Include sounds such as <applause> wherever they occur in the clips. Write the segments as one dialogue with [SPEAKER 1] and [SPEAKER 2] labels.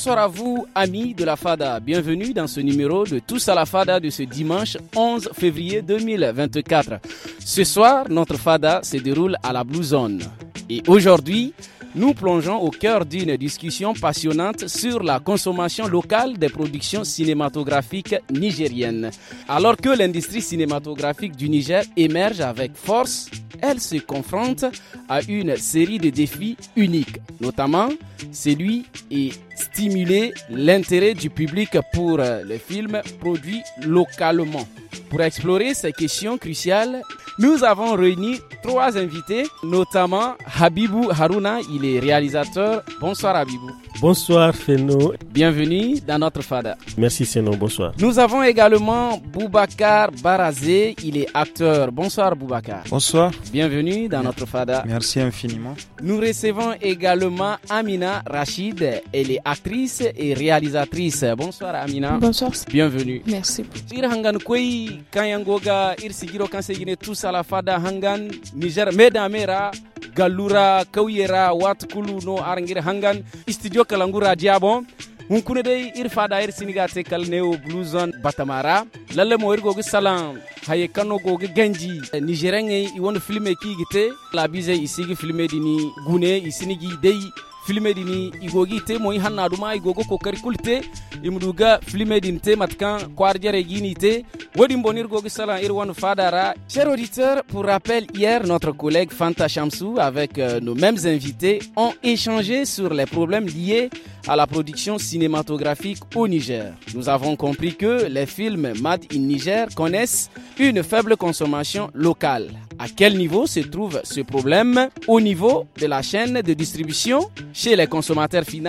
[SPEAKER 1] bonsoir à vous, amis de la FADA. Bienvenue dans ce numéro de Tous à la FADA de ce dimanche 11 février 2024. Ce soir, notre FADA se déroule à la Blue Zone. Et aujourd'hui, nous plongeons au cœur d'une discussion passionnante sur la consommation locale des productions cinématographiques nigériennes. Alors que l'industrie cinématographique du Niger émerge avec force, elle se confronte à une série de défis uniques, notamment celui et stimuler l'intérêt du public pour euh, les films produits localement. Pour explorer ces questions cruciales, nous avons réuni trois invités, notamment Habibou Haruna, il est réalisateur. Bonsoir Habibou.
[SPEAKER 2] Bonsoir Feno.
[SPEAKER 1] Bienvenue dans notre FADA.
[SPEAKER 2] Merci Feno, bonsoir.
[SPEAKER 1] Nous avons également Boubacar Barazé, il est acteur. Bonsoir Boubacar. Bonsoir. Bienvenue dans notre FADA.
[SPEAKER 3] Merci infiniment.
[SPEAKER 1] Nous recevons également Amina Rachid, elle est actrice et réalisatrice. Bonsoir Amina.
[SPEAKER 3] Bonsoir. Bienvenue. Merci.
[SPEAKER 1] Ir studio studio kalangura diabon hunkune dai ir fada ir siniga te kal neo zone batamara lalle mo ir gogi salam haye kano gogi ganji nigerien e i won filme ki gite la bise isigi filme dini gune isinigi dai filmedi ni igogi te moyi hanna duma igogo kokari kulte imduga filmedi te matkan kwarjere gini te wodi bonir gogi sala irwan fadara cher auditeur pour rappel hier notre collègue Fanta Chamsou avec euh, nos mêmes invités ont échangé sur les problèmes liés à la production cinématographique au Niger. Nous avons compris que les films Mad in Niger connaissent une faible consommation locale. À quel niveau se trouve ce problème Au niveau de la chaîne de distribution chez les consommateurs finaux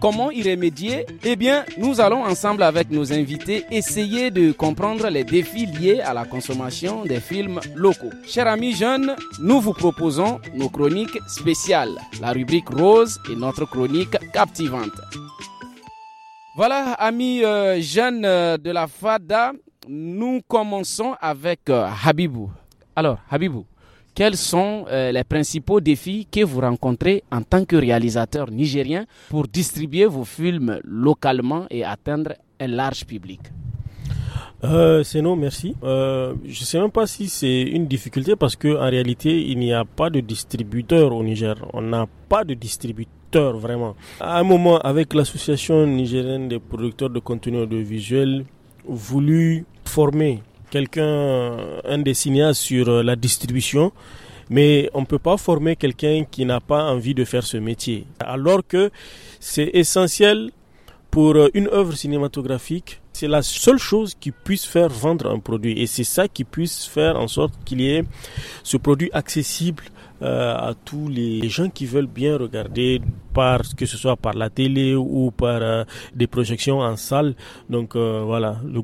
[SPEAKER 1] Comment y remédier Eh bien, nous allons ensemble avec nos invités essayer de comprendre les défis liés à la consommation des films locaux. Chers amis jeunes, nous vous proposons nos chroniques spéciales, la rubrique rose et notre chronique captivante. Voilà, amis euh, jeunes euh, de la FADA, nous commençons avec euh, Habibou. Alors, Habibou, quels sont les principaux défis que vous rencontrez en tant que réalisateur nigérien pour distribuer vos films localement et atteindre un large public
[SPEAKER 2] c'est non, merci. Je je sais même pas si c'est une difficulté parce que en réalité, il n'y a pas de distributeur au Niger. On n'a pas de distributeur vraiment. À un moment, avec l'association nigérienne des producteurs de contenu audiovisuel, voulu former quelqu'un, un des cinéastes sur euh, la distribution, mais on ne peut pas former quelqu'un qui n'a pas envie de faire ce métier. Alors que c'est essentiel pour euh, une œuvre cinématographique, c'est la seule chose qui puisse faire vendre un produit. Et c'est ça qui puisse faire en sorte qu'il y ait ce produit accessible euh, à tous les gens qui veulent bien regarder, par, que ce soit par la télé ou par euh, des projections en salle. Donc euh, voilà, le,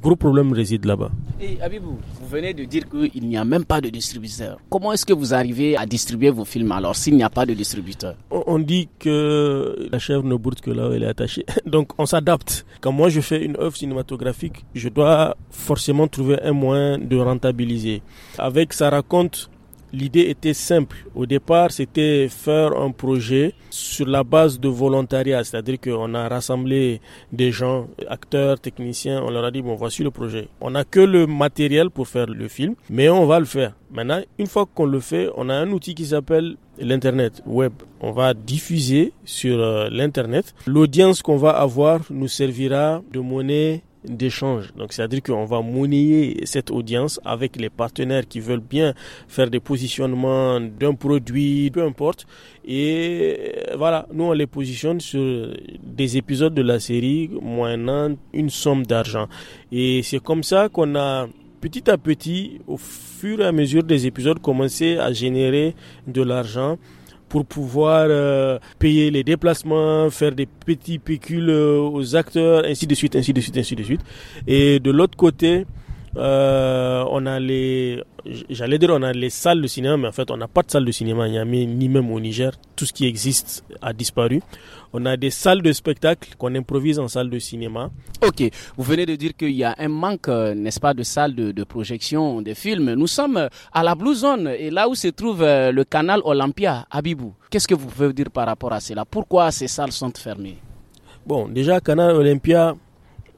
[SPEAKER 2] gros problème réside là-bas. Et
[SPEAKER 1] Abibou, vous venez de dire qu'il n'y a même pas de distributeur. Comment est-ce que vous arrivez à distribuer vos films alors s'il n'y a pas de distributeur
[SPEAKER 2] on, dit que la chèvre ne bourde que là où elle est attachée. <laughs> Donc on s'adapte. Quand moi je fais une œuvre cinématographique, je dois forcément trouver un moyen de rentabiliser. Avec sa raconte L'idée était simple. Au départ, c'était faire un projet sur la base de volontariat, c'est-à-dire qu'on a rassemblé des gens, acteurs, techniciens, on leur a dit, bon, voici le projet. On n'a que le matériel pour faire le film, mais on va le faire. Maintenant, une fois qu'on le fait, on a un outil qui s'appelle l'Internet web. On va diffuser sur euh, l'Internet. L'audience qu'on va avoir nous servira de monnaie d'échange. Donc, c'est-à-dire qu'on va monnayer cette audience avec les partenaires qui veulent bien faire des positionnements d'un produit, peu importe. Et voilà, nous, on les positionne sur des épisodes de la série moyennant une somme d'argent. Et c'est comme ça qu'on a petit à petit, au fur et à mesure des épisodes, commencé à générer de l'argent pour pouvoir euh, payer les déplacements, faire des petits pécules euh, aux acteurs, ainsi de suite, ainsi de suite, ainsi de suite. Et de l'autre côté, euh, on a les, j'allais dire, on a les salles de cinéma, mais en fait, on n'a pas de salle de cinéma à Niamey, ni même au Niger. Tout ce qui existe a disparu. On a des salles de spectacle qu'on improvise en salle de cinéma. Ok, vous venez de dire qu'il y a un manque, euh, n'est-ce pas, de salles de,
[SPEAKER 1] projection des films. Nous sommes euh, à la Blue Zone et là où se trouve euh, le canal Olympia,
[SPEAKER 2] à Bibou. Qu'est-ce que vous pouvez dire par rapport à cela Pourquoi ces salles sont fermées Bon, déjà, canal Olympia,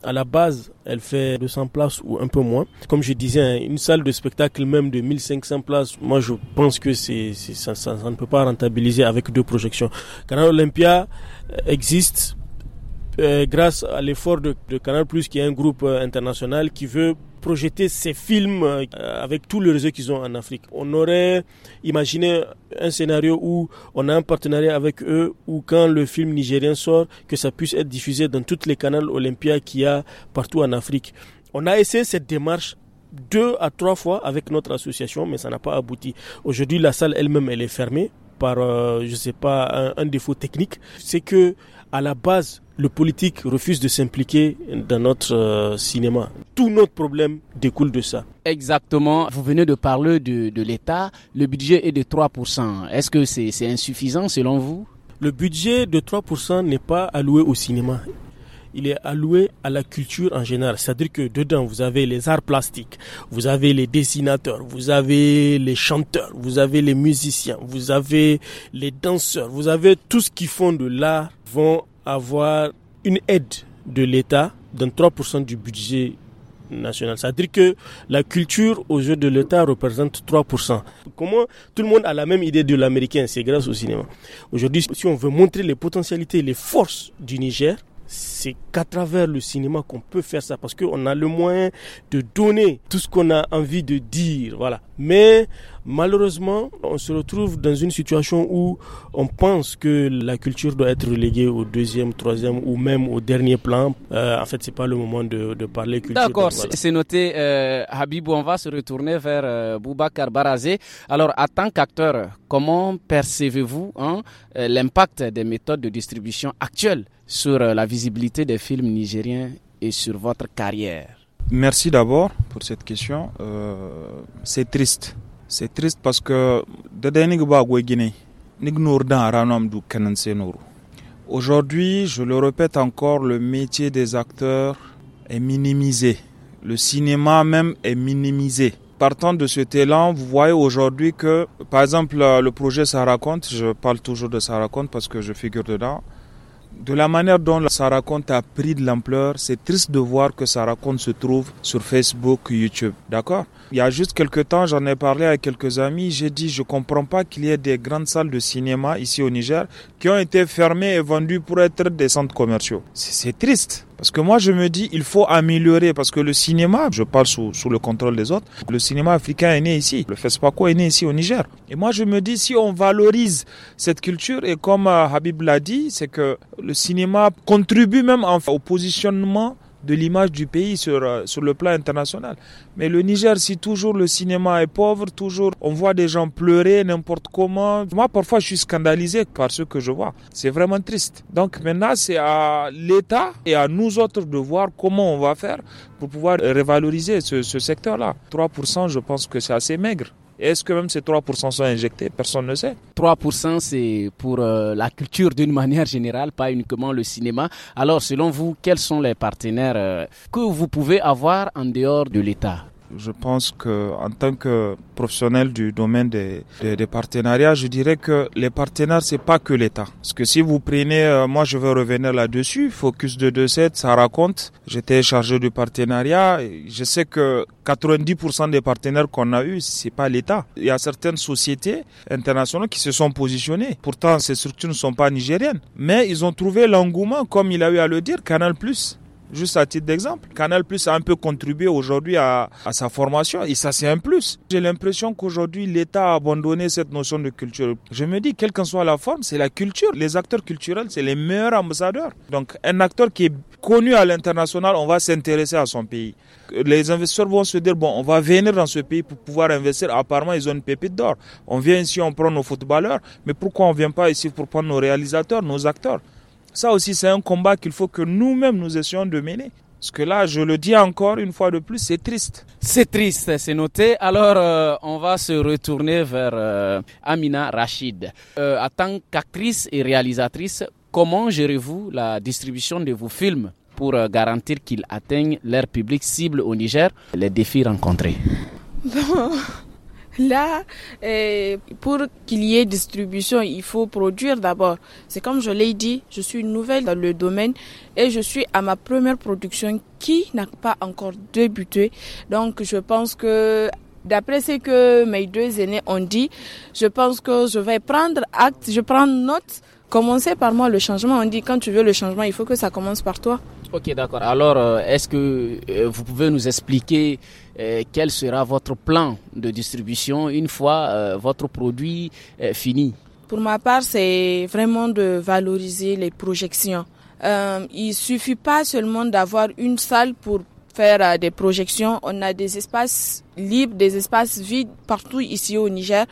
[SPEAKER 2] à la base, elle fait 200 places ou un peu moins. Comme je disais, hein, une salle de spectacle même de 1500 places, moi je pense que c'est, ça, ne peut pas rentabiliser avec deux projections. Canal Olympia euh, existe euh, grâce à l'effort de, de Canal Plus, qui est un groupe euh, international qui veut projeter ces films euh, avec tous le réseau qu'ils ont en Afrique. On aurait imaginé un scénario où on a un partenariat avec eux, où quand le film nigérien sort, que ça puisse être diffusé dans tous les canaux Olympia qu'il y a partout en Afrique. On a essayé cette démarche deux à trois fois avec notre association, mais ça n'a pas abouti. Aujourd'hui, la salle elle-même, elle est fermée par, je euh, je sais pas, un défaut technique. C'est que à la base, le politique refuse de s'impliquer dans notre euh, cinéma. Tout notre problème découle de ça. Exactement. Vous venez de parler de, de l'État. Le budget est de 3%. Est-ce que c'est insuffisant selon vous Le budget de 3% n'est pas alloué au cinéma. Il est alloué à la culture en général. C'est-à-dire que dedans, vous avez les arts plastiques, vous avez les dessinateurs, vous avez les chanteurs, vous avez les musiciens, vous avez les danseurs, vous avez tout ce qui font de l'art vont avoir une aide de l'État dans 3% du budget national. C'est-à-dire que la culture aux yeux de l'État représente 3%. Comment tout le monde a la même idée de l'américain C'est grâce au cinéma. Aujourd'hui, si on veut montrer les potentialités et les forces du Niger, c'est qu'à travers le cinéma qu'on peut faire ça parce qu'on a le moyen de donner tout ce qu'on a envie de dire. Voilà. Mais malheureusement, on se retrouve dans une situation où on pense que la culture doit être reléguée au deuxième, troisième ou même au dernier plan. Euh, en fait, c'est pas le moment de, parler culture. D'accord,
[SPEAKER 1] c'est noté. Euh, Habib, on va se retourner vers euh, Boubacar Barazé. Alors, en tant qu'acteur, comment percevez-vous hein, euh, l'impact des méthodes de distribution actuelles sur euh, la visibilité
[SPEAKER 3] des films nigériens et sur votre carrière Merci d'abord pour cette question. Euh, c'est triste. C'est triste parce que Aujourd'hui, je le répète encore, le métier des acteurs est minimisé. Le cinéma même est minimisé. Partant de cet élan, vous voyez aujourd'hui que, par exemple, euh, le projet Ça raconte, je parle toujours de Ça raconte parce que je figure dedans. De la manière dont sa raconte a pris de l'ampleur, c'est triste de voir que sa raconte se trouve sur Facebook, YouTube. D'accord il y a juste quelques temps, j'en ai parlé à quelques amis, j'ai dit je ne comprends pas qu'il y ait des grandes salles de cinéma ici au Niger qui ont été fermées et vendues pour être des centres commerciaux. C'est triste. Parce que moi, je me dis, il faut améliorer. Parce que le cinéma, je parle sous, le contrôle des autres, le cinéma africain est né ici. Le FESPACO est né ici au Niger. Et moi, je me dis, si on valorise cette culture, et comme euh, Habib l'a dit, c'est que le cinéma contribue même au positionnement de l'image du pays sur, euh, sur le plan international. Mais le Niger, si toujours le cinéma est pauvre, toujours on voit des gens pleurer n'importe comment. Moi, parfois, je suis scandalisé par ce que je vois. C'est vraiment triste. Donc maintenant, c'est à l'État et à nous autres de voir comment on va faire pour pouvoir revaloriser ce, ce secteur-là. 3%, je pense que c'est assez maigre. Est-ce que même ces 3% sont injectés Personne ne sait.
[SPEAKER 1] 3% c'est pour euh, la culture d'une <laughs> manière générale, pas uniquement le cinéma. Alors selon
[SPEAKER 3] vous, quels sont les partenaires euh, que vous pouvez avoir en dehors de l'État je pense que en tant que professionnel du domaine des, partenariats, je dirais que les partenaires c'est pas que l'État. Parce que si vous prenez, euh, moi je veux revenir là-dessus. Focus 227, ça raconte. J'étais chargé du partenariat. je sais que 90% des partenaires qu'on a eu, c'est pas l'État. Il y a certaines sociétés internationales qui se sont positionnées. Pourtant, ces structures ne sont pas nigériennes, mais ils ont trouvé l'engouement, comme il a eu à le dire, Canal Juste à titre d'exemple, Canal Plus a un peu contribué aujourd'hui à, à, sa formation et ça c'est un plus. J'ai l'impression qu'aujourd'hui l'État a abandonné cette notion de culture. Je me dis, quelle qu'en soit la forme, c'est la culture. Les acteurs culturels, c'est les meilleurs ambassadeurs. Donc un acteur qui est connu à l'international, on va s'intéresser à son pays. Les investisseurs vont se dire, bon, on va venir dans ce pays pour pouvoir investir. Apparemment, ils ont une pépite d'or. On vient ici, on prend nos footballeurs, mais pourquoi on ne vient pas ici pour prendre nos réalisateurs, nos acteurs ça aussi, c'est un combat qu'il faut que nous-mêmes nous essayons de mener. Parce que là, je le dis encore une fois de plus, c'est triste. C'est triste,
[SPEAKER 1] c'est noté. Alors, euh, on va se retourner vers euh, Amina Rachid. Euh, en tant qu'actrice et réalisatrice, comment gérez-vous la distribution de vos films pour euh, garantir qu'ils atteignent leur public cible au Niger Les défis rencontrés
[SPEAKER 4] <laughs> Là, euh, pour qu'il y ait distribution, il faut produire d'abord. C'est comme je l'ai dit, je suis nouvelle dans le domaine et je suis à ma première production qui n'a pas encore débuté. Donc, je pense que d'après ce que mes deux aînés ont dit, je pense que je vais prendre acte, je prends note. Commencer par moi le changement. On dit quand tu veux le changement, il faut que ça commence par
[SPEAKER 1] toi. Ok, d'accord. Alors, euh, est-ce que euh, vous pouvez nous expliquer euh, quel sera votre plan de distribution une fois votre produit fini
[SPEAKER 4] Pour ma part, c'est vraiment de valoriser les projections. Euh, il suffit pas seulement d'avoir une salle pour faire euh, des projections. On a des espaces libres, des espaces vides partout ici au Niger.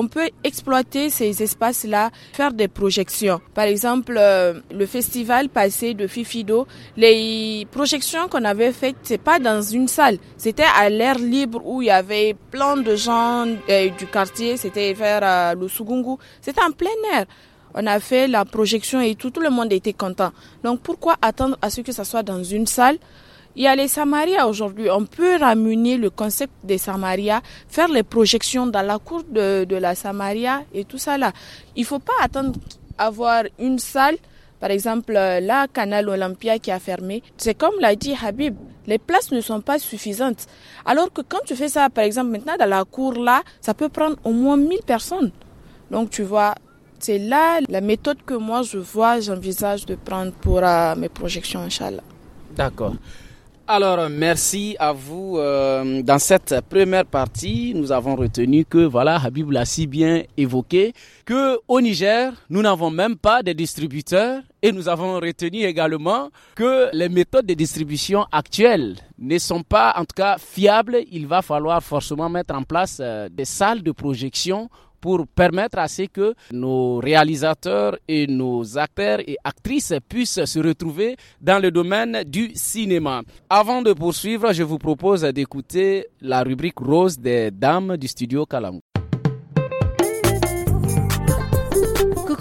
[SPEAKER 4] On peut exploiter ces espaces-là, faire des projections. Par exemple, euh, le festival passé de Fifido, les projections qu'on avait faites, c'est pas dans une salle, c'était à l'air libre où il y avait plein de gens euh, du quartier, c'était vers le Sougungu, c'était en plein air. On a fait la projection et tout, tout le monde était content. Donc pourquoi attendre à ce que ça soit dans une salle il y a les Samaria aujourd'hui. On peut ramener le concept des Samaria, faire les projections dans la cour de, de la Samaria et tout ça là. Il faut pas attendre avoir une salle par exemple, euh, là, Canal Olympia qui a fermé, c'est comme l'a dit Habib, les places ne sont pas suffisantes. Alors que quand tu fais ça, par exemple, maintenant dans la cour là, ça peut prendre au moins 1000 personnes. Donc tu vois, c'est là la méthode que moi je vois, j'envisage de prendre pour euh, mes projections,
[SPEAKER 1] Inch'Allah. D'accord. Alors, merci à vous. Euh, dans cette première partie, nous avons retenu que, voilà, Habib l'a si bien évoqué, que au Niger, nous n'avons même pas de distributeurs et nous avons retenu également que les méthodes de distribution actuelles ne sont pas, en tout cas, fiables. Il va falloir forcément mettre en place euh, des salles de projection pour permettre à ce que nos réalisateurs et nos acteurs et actrices puissent se retrouver dans le domaine du cinéma. Avant de poursuivre, je vous propose d'écouter la rubrique rose des dames du studio Calamou.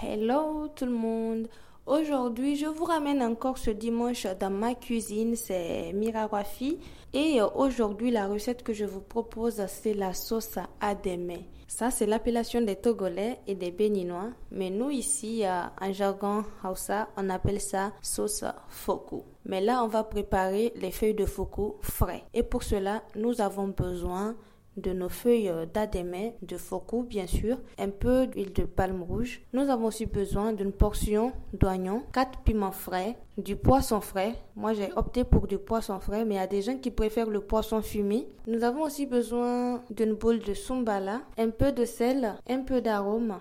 [SPEAKER 5] Hello tout le monde. Aujourd'hui, je vous ramène encore ce dimanche dans ma cuisine, c'est Mirawafi Et euh, aujourd'hui, la recette que je vous propose, c'est la sauce à ademé. Ça, c'est l'appellation des Togolais et des Béninois. Mais nous, ici, euh, en jargon Hausa, on appelle ça sauce foku. Mais là, on va préparer les feuilles de foku frais. Et pour cela, nous avons besoin de nos feuilles euh, d'adémé, de Fokou bien sûr, un peu d'huile de palme rouge. Nous avons aussi besoin d'une portion d'oignon, quatre piments frais, du poisson frais. Moi j'ai opté pour du poisson frais, mais il y a des gens qui préfèrent le poisson fumé. Nous avons aussi besoin d'une boule de sombala, un peu de sel, un peu d'arôme.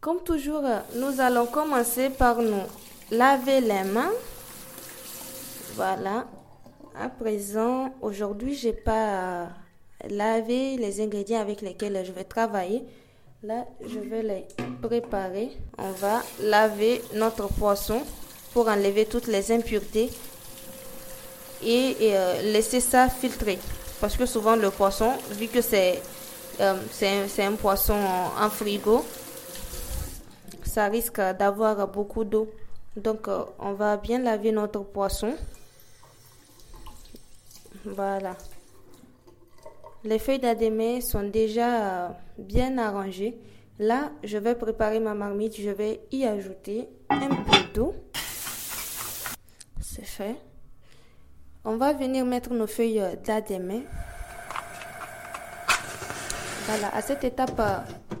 [SPEAKER 5] Comme toujours, nous allons commencer par nous laver les mains. Voilà, à présent, aujourd'hui, j'ai pas lavé les ingrédients avec lesquels je vais travailler. Là, je vais les préparer. On va laver notre poisson pour enlever toutes les impuretés et, euh, laisser ça filtrer. Parce que souvent, le poisson, vu que c'est euh, un, poisson en, frigo, ça risque d'avoir beaucoup d'eau. Donc, euh, on va bien laver notre poisson. Voilà. Les feuilles d'adémé sont déjà euh, bien arrangées. Là, je vais préparer ma marmite. Je vais y ajouter un peu d'eau. C'est fait. On va venir mettre nos feuilles euh, d'adémé. Voilà, à cette étape, euh,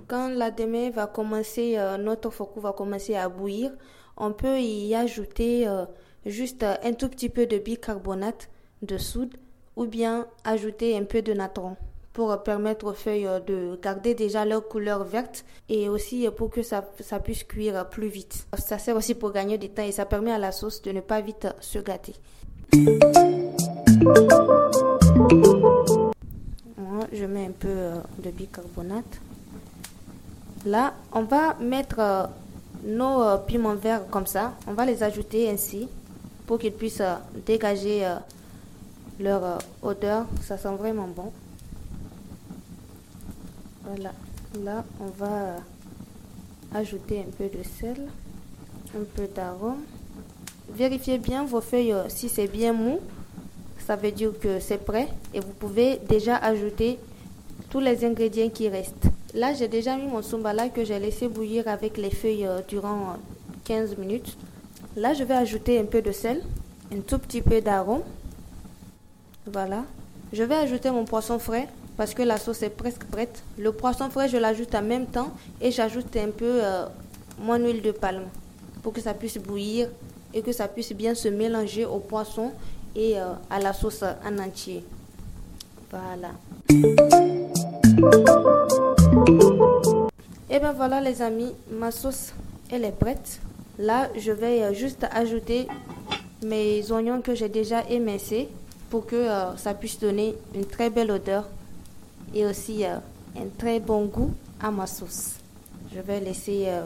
[SPEAKER 5] quand l'adémé va commencer, notre focus va commencer à bouillir, on peut y ajouter juste un tout petit peu de bicarbonate de soude ou bien ajouter un peu de natron pour permettre aux feuilles euh, de garder déjà leur couleur verte et aussi euh, pour que ça, puisse cuire plus vite. Ça sert aussi pour gagner du temps et ça permet à la sauce de ne pas vite se gâter. Je mets un peu euh, de bicarbonate. Là, on va mettre nos piments verts comme ça. On va les ajouter ainsi pour qu'ils puissent dégager leur euh, odeur, ça sent vraiment bon. Voilà, là on va euh, ajouter un peu de sel, un peu d'arôme. Vérifiez bien vos feuilles euh, si c'est bien mou, ça veut dire que c'est prêt et vous pouvez déjà ajouter tous les ingrédients qui restent. Là, j'ai déjà mis mon sombala que j'ai laissé bouillir avec les feuilles durant 15 minutes. Là, je vais ajouter un peu de sel, un tout petit peu d'arôme voilà. Je vais ajouter mon poisson frais parce que la sauce est presque prête. Le poisson frais, je l'ajoute en même temps et j'ajoute un peu euh, mon huile de palme pour que ça puisse bouillir et que ça puisse bien se mélanger au poisson et euh, à la sauce en entier. Voilà. Et eh bien voilà les amis, ma sauce elle est prête. Là, je vais euh, juste ajouter mes oignons que j'ai déjà émincés pour que euh, ça puisse donner une très belle odeur et aussi euh, un très bon goût à ma sauce. Je vais laisser euh,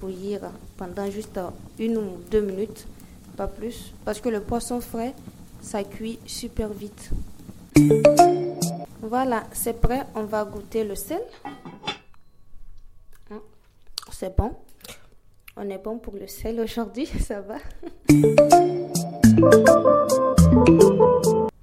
[SPEAKER 5] bouillir pendant juste une ou deux minutes, pas plus, parce que le poisson frais, ça cuit super vite. Voilà, c'est prêt, on va goûter le sel. Hein, c'est bon. On est bon pour le sel aujourd'hui, <laughs> ça va.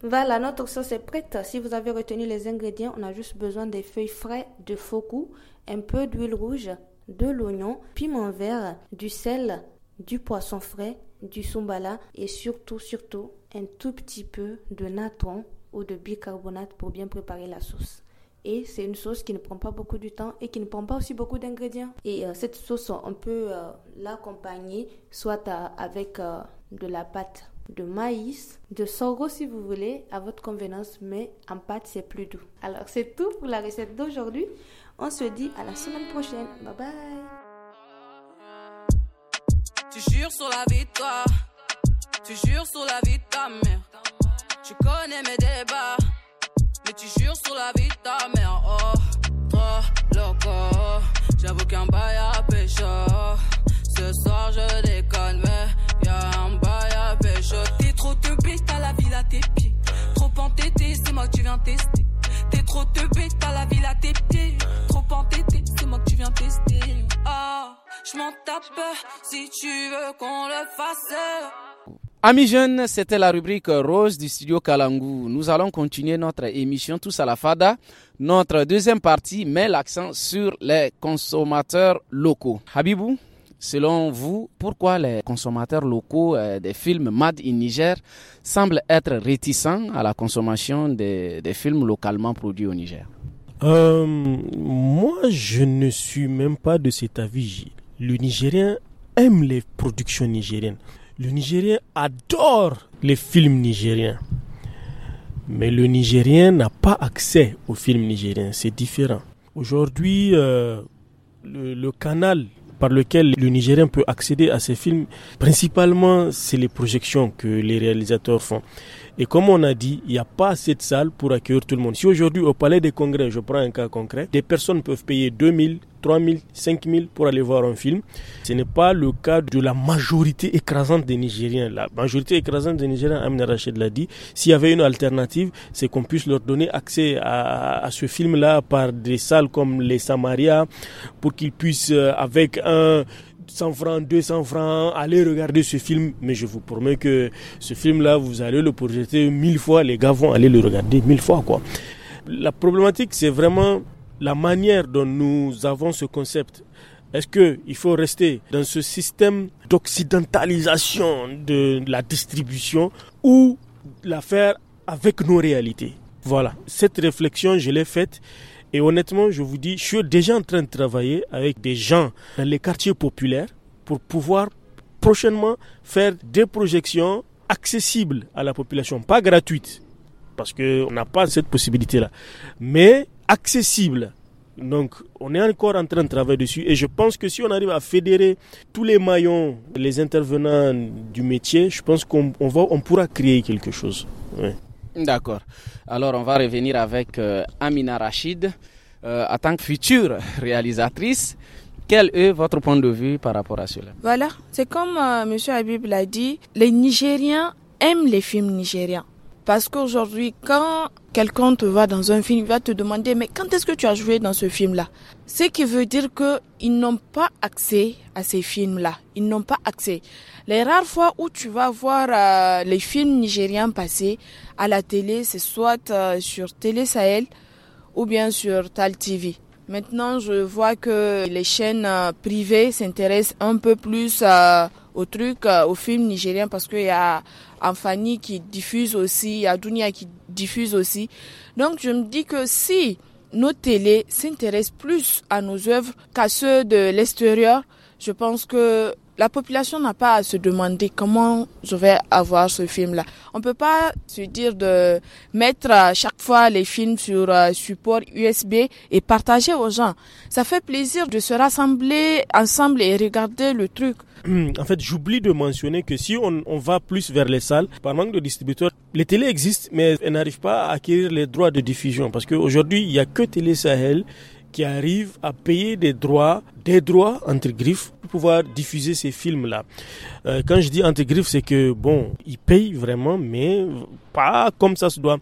[SPEAKER 5] Voilà, notre sauce est prête. Si vous avez retenu les ingrédients, on a juste besoin des feuilles fraîches de focou, un peu d'huile rouge, de l'oignon, piment vert, du sel, du poisson frais, du sombala et surtout, surtout, un tout petit peu de natron ou de bicarbonate pour bien préparer la sauce. Et c'est une sauce qui ne prend pas beaucoup de temps et qui ne prend pas aussi beaucoup d'ingrédients. Et euh, cette sauce, on peut euh, l'accompagner soit euh, avec de la pâte de maïs, de sorgho si vous voulez, à votre convenance, mais en pâte c'est plus doux. Alors c'est tout pour la recette d'aujourd'hui. On se dit à la semaine prochaine. Bye bye. Tu
[SPEAKER 4] jures sur la vie toi, tu jures sur la vie ta mère. Tu connais mes débats, mais tu jures sur la vie ta mère. Oh. si tu veux le
[SPEAKER 1] Amis jeunes, c'était la rubrique Rose du studio Kalangu. Nous allons continuer notre émission Tous à la Fada. Notre deuxième partie met l'accent sur les consommateurs locaux. Habibou, selon vous, pourquoi les consommateurs locaux euh, des films Mad in Niger semblent être réticents à la consommation des, films localement produits au Niger
[SPEAKER 2] euh, Moi, je ne suis même pas de cet avis, le Nigérien aime les productions nigériennes. Le Nigérien adore les films nigériens. Mais le Nigérien n'a pas accès aux films nigériens. C'est différent. Aujourd'hui, euh, le, canal par lequel le Nigérien peut accéder à ces films, principalement, c'est les projections que les réalisateurs font. Et comme on a dit, il n'y a pas assez de salles pour accueillir tout le monde. Si aujourd'hui au palais des congrès, je prends un cas concret, des personnes peuvent payer 2000, 3000, 5000 pour aller voir un film, ce n'est pas le cas de la majorité écrasante des Nigériens. La majorité écrasante des Nigériens, Amin Rachid l'a dit, s'il y avait une alternative, c'est qu'on puisse leur donner accès à, à ce film-là par des salles comme les Samaria, pour qu'ils puissent, euh, avec un 100 francs, 200 francs, allez regarder ce film. Mais je vous promets que ce film-là, vous allez le projeter mille fois. Les gars vont aller le regarder mille fois, quoi. La problématique, c'est vraiment la manière dont nous avons ce concept. Est-ce qu'il faut rester dans ce système d'occidentalisation de la distribution ou la faire avec nos réalités Voilà, cette réflexion, je l'ai faite et honnêtement, je vous dis, je suis déjà en train de travailler avec des gens dans les quartiers populaires pour pouvoir prochainement faire des projections accessibles à la population, pas gratuites, parce qu'on n'a pas cette possibilité-là, mais accessibles. Donc, on est encore en train de travailler dessus et je pense que si on arrive à fédérer tous les maillons, les intervenants du métier, je pense qu'on on on pourra créer quelque chose.
[SPEAKER 1] D'accord. Alors on va revenir avec euh, Amina Rachid. Euh, en tant que future réalisatrice, quel est votre point de vue par rapport à cela
[SPEAKER 4] Voilà, c'est comme euh, Monsieur M. Habib l'a dit, les Nigériens aiment les films nigériens. Parce qu'aujourd'hui, quand quelqu'un te voit dans un film, il va te demander, mais quand est-ce que tu as joué dans ce film-là Ce qui veut dire qu'ils n'ont pas accès à ces films-là. Ils n'ont pas accès. Les rares fois où tu vas voir euh, les films nigériens passer à la télé, c'est soit euh, sur Télé Sahel ou bien sur Tal TV. Maintenant, je vois que les chaînes euh, privées s'intéressent un peu plus à au truc, euh, au film nigérien, parce qu'il y a Amfani qui diffuse aussi, il y a Dunia qui diffuse aussi. Donc je me dis que si nos télés s'intéressent plus à nos œuvres qu'à ceux de l'extérieur, je pense que la population n'a pas à se demander comment je vais avoir ce film-là. On peut pas se dire de mettre à chaque fois les films sur euh, support USB et partager aux gens. Ça fait plaisir de se rassembler ensemble et regarder le truc.
[SPEAKER 2] Hmm, en fait, j'oublie de mentionner que si on, va plus vers les salles, par manque de distributeurs, les télés existent, mais elles n'arrivent pas à acquérir les droits de diffusion parce qu'aujourd'hui, il n'y a que Télé Sahel qui arrivent à payer des droits, des droits entre griffes pour pouvoir diffuser ces films-là. Euh, quand je dis entre griffes, c'est que bon, ils payent vraiment, mais pas comme ça se doit.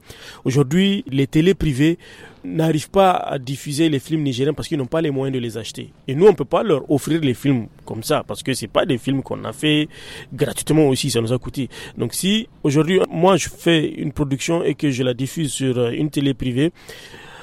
[SPEAKER 2] Aujourd'hui, les télés privées n'arrivent pas à diffuser les films nigériens parce qu'ils n'ont pas les moyens de les acheter. Et nous, on peut pas leur offrir les films comme ça parce que c'est pas des films qu'on a fait gratuitement aussi, ça nous a coûté. Donc si aujourd'hui, moi, je fais une production et que je la diffuse sur euh, une télé privée,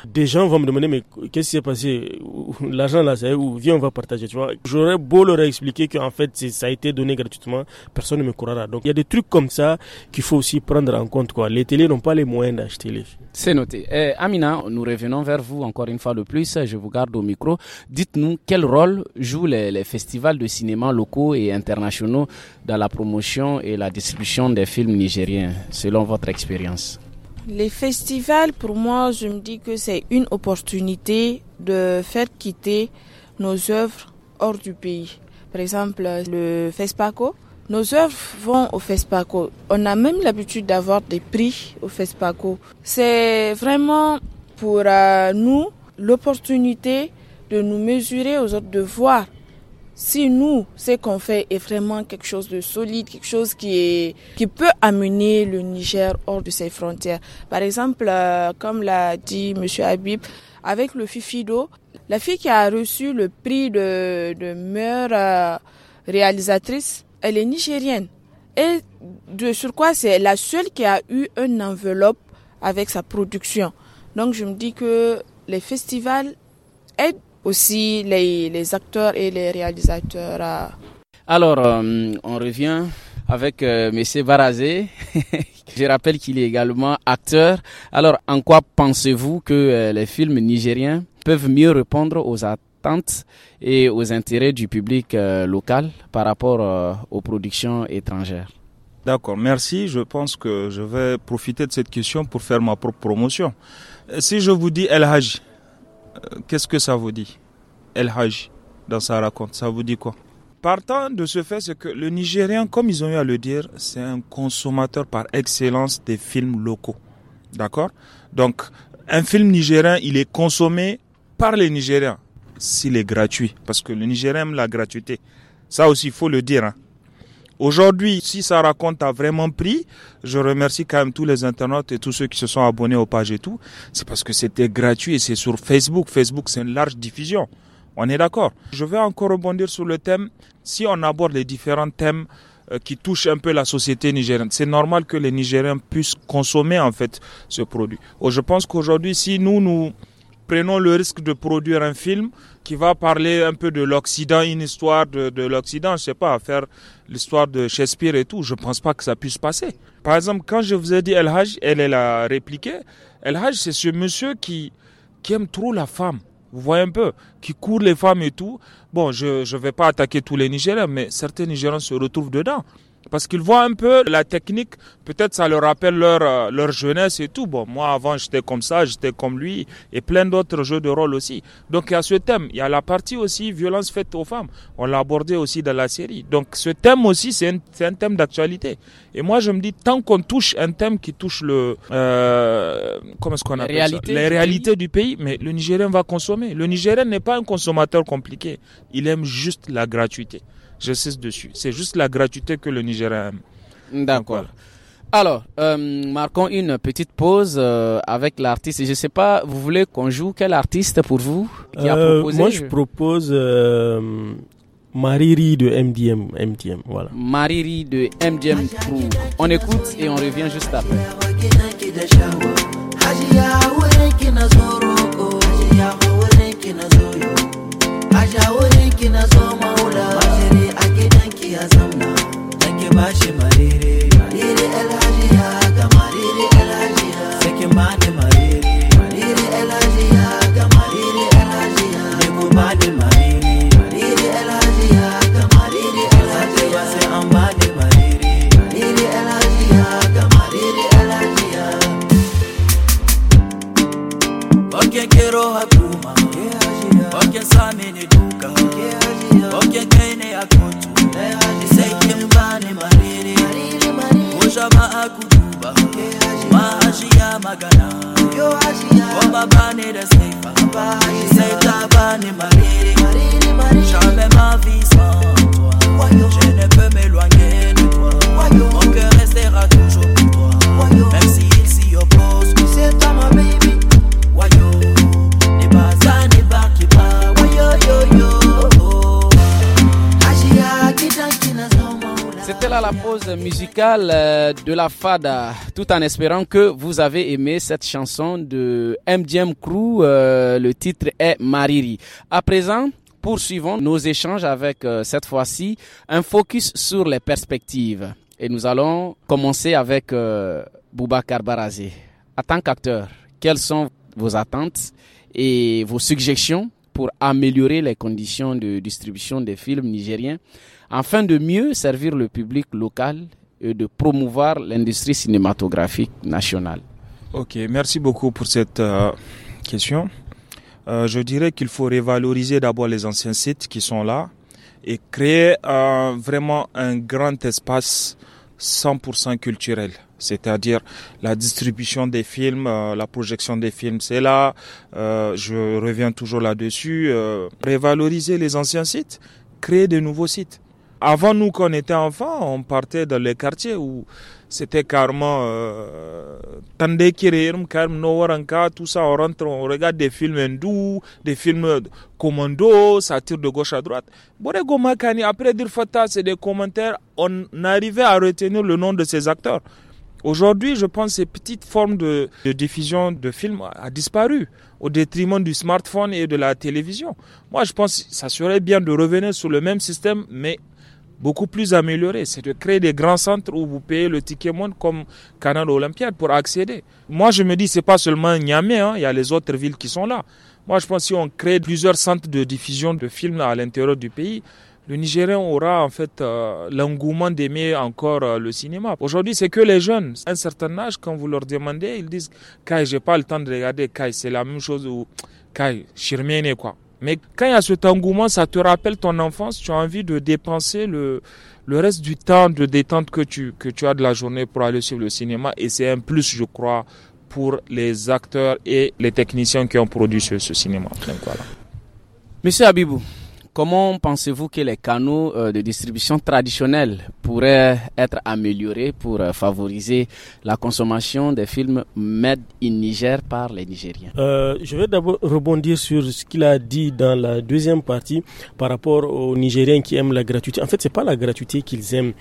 [SPEAKER 2] des gens vont me demander mais qu'est-ce qui s'est passé L'argent là, c'est où Viens, on va partager, tu vois. J'aurais beau leur expliquer qu'en fait, ça a été donné gratuitement, personne ne me croira. Donc il y a des trucs comme ça qu'il faut aussi prendre en compte, quoi. Les télés n'ont pas les moyens d'acheter les films. C'est noté. Eh, Amina, nous revenons vers
[SPEAKER 1] vous encore une fois le plus. Je vous garde au micro. Dites-nous quel rôle jouent les, les festivals de cinéma locaux et internationaux dans la promotion et la distribution des films nigériens, selon votre expérience.
[SPEAKER 4] Les festivals, pour moi, je me dis que c'est une opportunité de faire quitter nos œuvres hors du pays. Par exemple, le FESPACO. Nos œuvres vont au FESPACO. On a même l'habitude d'avoir des prix au FESPACO. C'est vraiment pour euh, nous l'opportunité de nous mesurer aux autres, de voir si nous, ce qu'on fait est vraiment quelque chose de solide, quelque chose qui, est, qui peut amener le Niger hors de ses frontières. Par exemple, euh, comme l'a dit Monsieur Habib, avec le Fifido, la fille qui a reçu le prix de, de meilleure euh, réalisatrice, elle est nigérienne. Et de sur quoi c'est la seule qui a eu une enveloppe avec sa production. Donc je me dis que les festivals aident aussi les, acteurs et les réalisateurs. Euh.
[SPEAKER 1] Alors, euh, on revient avec euh, M. Barazé. <laughs> Je rappelle qu'il est également acteur. Alors, en quoi pensez-vous que les films nigériens peuvent mieux répondre aux attentes et aux intérêts du public local par rapport aux
[SPEAKER 3] productions étrangères D'accord, merci. Je pense que je vais profiter de cette question pour faire ma propre promotion. Si je vous dis El euh, qu'est-ce que ça vous dit El agit dans sa raconte, ça vous dit quoi Partant de ce fait, c'est que le Nigérian, comme ils ont eu à le dire, c'est un consommateur par excellence des films locaux. D'accord Donc, un film nigérien, il est consommé par les Nigériens s'il est gratuit, parce que le Nigérien aime la gratuité. Ça aussi, il faut le dire. Hein. Aujourd'hui, si ça raconte a vraiment pris, je remercie quand même tous les internautes et tous ceux qui se sont abonnés aux pages et tout. C'est parce que c'était gratuit et c'est sur Facebook. Facebook, c'est une large diffusion. On est d'accord. Je vais encore rebondir sur le thème. Si on aborde les différents thèmes euh, qui touchent un peu la société nigérienne, c'est normal que les Nigériens puissent consommer en fait ce produit. Oh, je pense qu'aujourd'hui, si nous nous prenons le risque de produire un film qui va parler un peu de l'Occident, une histoire de, de l'Occident, je sais pas, faire l'histoire de Shakespeare et tout, je pense pas que ça puisse passer. Par exemple, quand je vous ai dit El Hajj, elle, elle a répliqué, El Hajj, c'est ce monsieur qui, qui aime trop la femme. Vous voyez un peu, qui court les femmes et tout. Bon, je ne vais pas attaquer tous les Nigériens, mais certains Nigériens se retrouvent dedans. Parce qu'ils voient un peu la technique, peut-être ça leur rappelle leur, euh, leur jeunesse et tout. Bon, moi avant j'étais comme ça, j'étais comme lui, et plein d'autres jeux de rôle aussi. Donc il y a ce thème, il y a la partie aussi violence faite aux femmes. On l'a abordé aussi dans la série. Donc ce thème aussi, c'est un, thème d'actualité. Et moi je me dis, tant qu'on touche un thème qui touche le... Euh, comment est-ce qu'on appelle réalité ça Les réalités du pays, mais le Nigérien va consommer. Le Nigérien n'est pas un consommateur compliqué, il aime juste la gratuité je cesse dessus. C'est juste la gratuité que le Nigeria aime. D'accord. Alors, euh, marquons une petite pause
[SPEAKER 1] euh, avec l'artiste. Je ne sais pas, vous voulez qu'on joue quel artiste pour vous euh, Moi, je
[SPEAKER 2] propose Mariri de MDM, MDM, voilà. Mariri de MDM
[SPEAKER 1] On écoute et on revient juste après. la pause musicale euh, de la Fada, tout en espérant que vous avez aimé cette chanson de MDM Crew. Euh, le titre est Mariri. À présent, poursuivons nos échanges avec, euh, cette fois-ci, un focus sur les perspectives. Et nous allons commencer avec Boubacar Barazé. En tant qu'acteur, quelles sont vos attentes et vos suggestions pour améliorer les conditions de distribution des films nigériens afin de mieux servir le public local et de promouvoir l'industrie cinématographique nationale.
[SPEAKER 3] Ok, merci beaucoup pour cette euh, question. Euh, je dirais qu'il faut révaloriser d'abord les anciens sites qui sont là et créer euh, vraiment un grand espace 100% culturel. C'est-à-dire la distribution des films, la projection des films, c'est là. je reviens toujours là-dessus. révaloriser les anciens sites, créer de nouveaux sites avant nous, qu'on était enfant, on partait dans les quartiers où c'était carrément euh, tandé waranka tout ça, on rentre, on regarde des films hindous, des films commando, ça tire de gauche à droite. Borego Makani, après dire c'est des commentaires, on arrivait à retenir le nom de ces acteurs. Aujourd'hui, je pense que ces petites formes de, diffusion de films a, a, disparu au détriment du smartphone et de la télévision. Moi, je pense que ça serait bien de revenir sur le même système, mais beaucoup plus amélioré. C'est de créer des grands centres où vous payez le ticket monde comme Canal Olympiade pour accéder. Moi, je me dis, c'est pas seulement Niamey, hein, il y a les autres villes qui sont là. Moi, je pense que si on crée plusieurs centres de diffusion de films à l'intérieur du pays, le Nigérien aura en fait euh, l'engouement d'aimer encore euh, le cinéma. Aujourd'hui, c'est que les jeunes, à un certain âge, quand vous leur demandez, ils disent Kai, j'ai pas le temps de regarder Kai, c'est la même chose ou Kai, et quoi. Mais quand il y a cet engouement, ça te rappelle ton enfance, tu as envie de dépenser le, le reste du temps de détente que tu, que tu as de la journée pour aller sur le cinéma. Et c'est un plus, je crois, pour les acteurs et les techniciens qui ont produit ce, ce cinéma. Donc, voilà.
[SPEAKER 1] Monsieur Abibou, Comment pensez-vous que les canaux euh, de distribution traditionnels pourraient être améliorés pour euh, favoriser la consommation des films made in Niger par les Nigériens
[SPEAKER 2] euh, Je vais d'abord rebondir sur ce qu'il a dit dans la deuxième partie par rapport aux Nigériens qui aiment la gratuité. En fait, c'est pas la gratuité qu'ils aiment,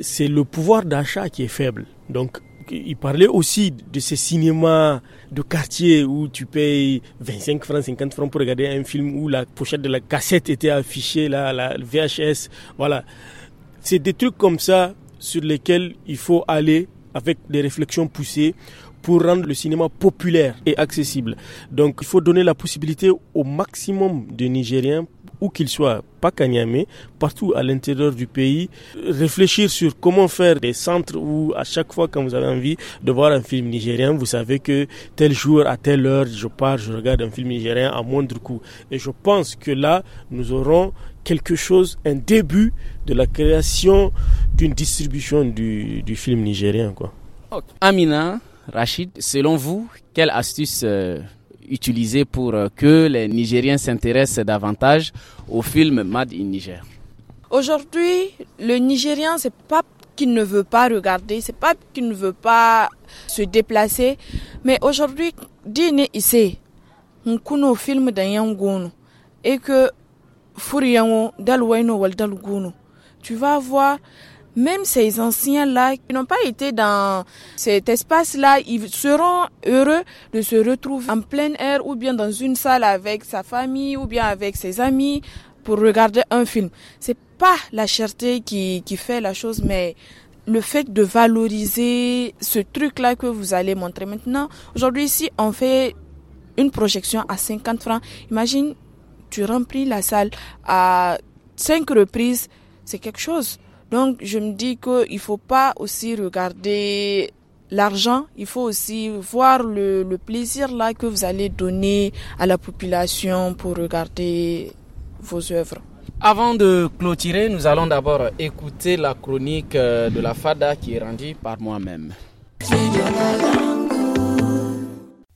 [SPEAKER 2] c'est le pouvoir d'achat qui est faible. Donc, il parlait aussi de ces cinémas de quartier où tu payes 25 francs, 50 francs pour regarder un film où la pochette de la cassette était affichée, la VHS. Voilà. C'est des trucs comme ça sur lesquels il faut aller avec des réflexions poussées pour rendre le cinéma populaire et accessible. Donc il faut donner la possibilité au maximum de Nigériens où qu'il soit, pas qu'à partout à l'intérieur du pays, réfléchir sur comment faire des centres où à chaque fois quand vous avez envie de voir un film nigérien, vous savez que tel jour, à telle heure, je pars, je regarde un film nigérien à moindre coût. Et je pense que là, nous aurons quelque chose, un début de la création d'une distribution du, du, film nigérien. Quoi. Amina, Rachid,
[SPEAKER 1] selon vous, quelle astuce... Euh, utilisé pour euh, que les Nigériens s'intéressent davantage au film Mad in Niger.
[SPEAKER 4] Aujourd'hui, le Nigérien, c'est pas qu'il ne veut pas regarder, c'est pas qu'il ne veut pas se déplacer, mais aujourd'hui, dîner ici, on connaît film d'un et que Furiyango, tu vas voir même ces anciens-là qui n'ont pas été dans cet espace-là, ils seront heureux de se retrouver en plein air ou bien dans une salle avec sa famille ou bien avec ses amis pour regarder un film. C'est pas la cherté qui, qui fait la chose, mais le fait de valoriser ce truc-là que vous allez montrer maintenant. Aujourd'hui, si on fait une projection à 50 francs, imagine, tu remplis la salle à 5 reprises, c'est quelque chose. Donc je me dis qu'il ne faut pas aussi regarder l'argent, il faut aussi voir le, plaisir là que vous allez donner à la population pour regarder vos œuvres.
[SPEAKER 1] Avant de clôturer, nous allons d'abord écouter la chronique euh, de la FADA qui est rendue par moi-même.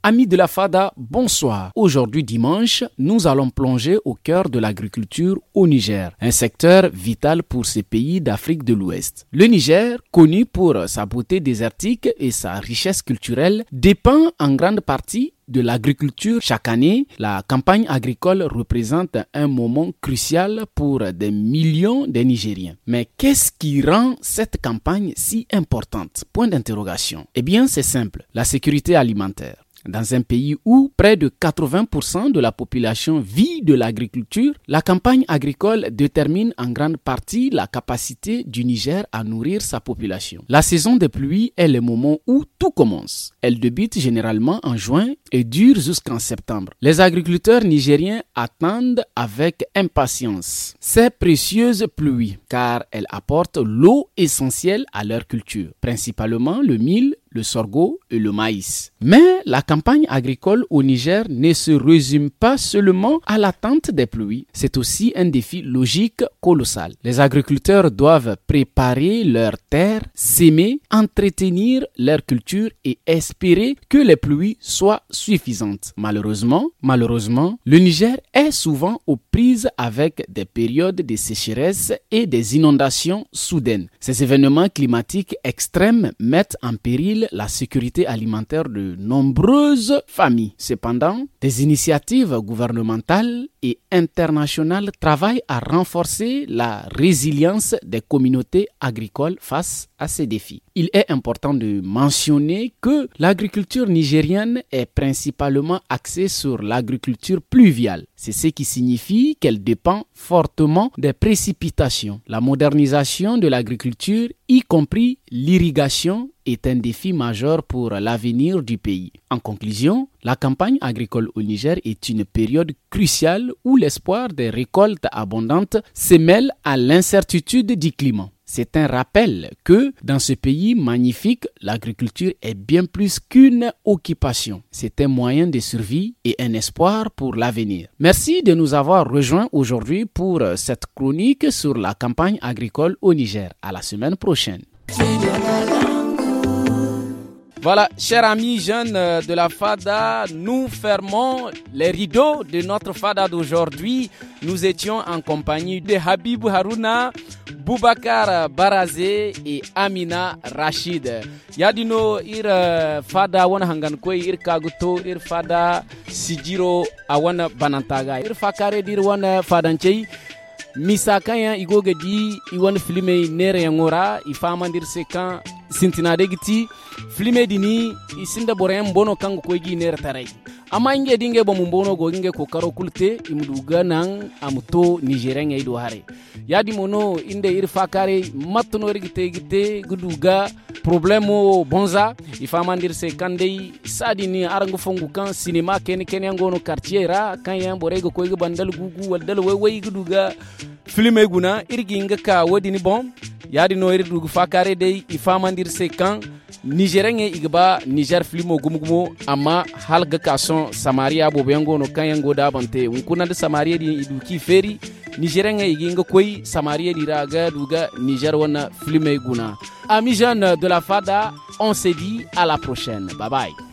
[SPEAKER 1] Amis de la FADA, bonsoir. Aujourd'hui dimanche, nous allons plonger au cœur de l'agriculture au Niger, un secteur vital pour ces pays d'Afrique de l'Ouest. Le Niger, connu pour sa beauté désertique et sa richesse culturelle, dépend en grande partie de l'agriculture. Chaque année, la campagne agricole représente un moment crucial pour des millions de Nigériens. Mais qu'est-ce qui rend cette campagne si importante Point d'interrogation. Eh bien, c'est simple, la sécurité alimentaire. Dans un pays où près de 80% de la population vit de l'agriculture, la campagne agricole détermine en grande partie la capacité du Niger à nourrir sa population. La saison des pluies est le moment où tout commence. Elle débute généralement en juin et dure jusqu'en septembre. Les agriculteurs nigériens attendent avec impatience ces précieuses pluies car elles apportent l'eau essentielle à leur culture, principalement le mil, le sorgho et le maïs. Mais la campagne agricole au Niger ne se résume pas seulement à l'attente des pluies, c'est aussi un défi logique colossal. Les agriculteurs doivent préparer leurs terres, s'aimer, entretenir leurs cultures et espérer que les pluies soient suffisantes. Malheureusement, malheureusement, le Niger est souvent aux prises avec des périodes de sécheresse et des inondations soudaines. Ces événements climatiques extrêmes mettent en péril la sécurité alimentaire de nombreuses familles. Cependant, des initiatives gouvernementales et internationales travaillent à renforcer la résilience des communautés agricoles face à ces défis. Il est important de mentionner que l'agriculture nigérienne est principalement axée sur l'agriculture pluviale. C'est ce qui signifie qu'elle dépend fortement des précipitations. La modernisation de l'agriculture, y compris l'irrigation, est un défi majeur pour l'avenir du pays. En conclusion, la campagne agricole au Niger est une période cruciale où l'espoir des récoltes abondantes se mêle à l'incertitude du climat. C'est un rappel que dans ce pays magnifique, l'agriculture est bien plus qu'une occupation. C'est un moyen de survie et un espoir pour l'avenir. Merci de nous avoir rejoints aujourd'hui pour euh, cette chronique sur la campagne agricole au Niger. À la semaine prochaine. Voilà, chers amis jeunes euh, de la FADA, nous fermons les rideaux de notre FADA d'aujourd'hui. Nous étions en compagnie de Habib Haruna, Boubacar Barazé et Amina Rachid. Yadino ir euh, FADA wana hangankoy ir kaguto ir FADA sijiro awana banantaga ir fakare dir wana fadanchei misakaya igoga di iwan filime nere yangora ifamandir sekan regiti. Fli dini isinda borayan bono kango ko igi ner Taray. amma inge dinge bo mumbono go imduga nan amto nigerian ay do yadi mono inde ir fakare rigite guduga problemo bonza mandir se kandei sadi ni arango fongu kan cinema ken ken yangono quartier ra kan yan borego ko bandal gugu wal guduga filme guna irginga kawedini ka wodi ni yadi no iri dugu fakare dey ifamandir se kan nigérien e igba niger filmo ama ama halga samaria bo bengo no yango un kuna samaria di idu ki feri nigérien e ginga koi samaria di raga duga niger wana filme guna amis jeunes de la fada on se dit à la prochaine bye bye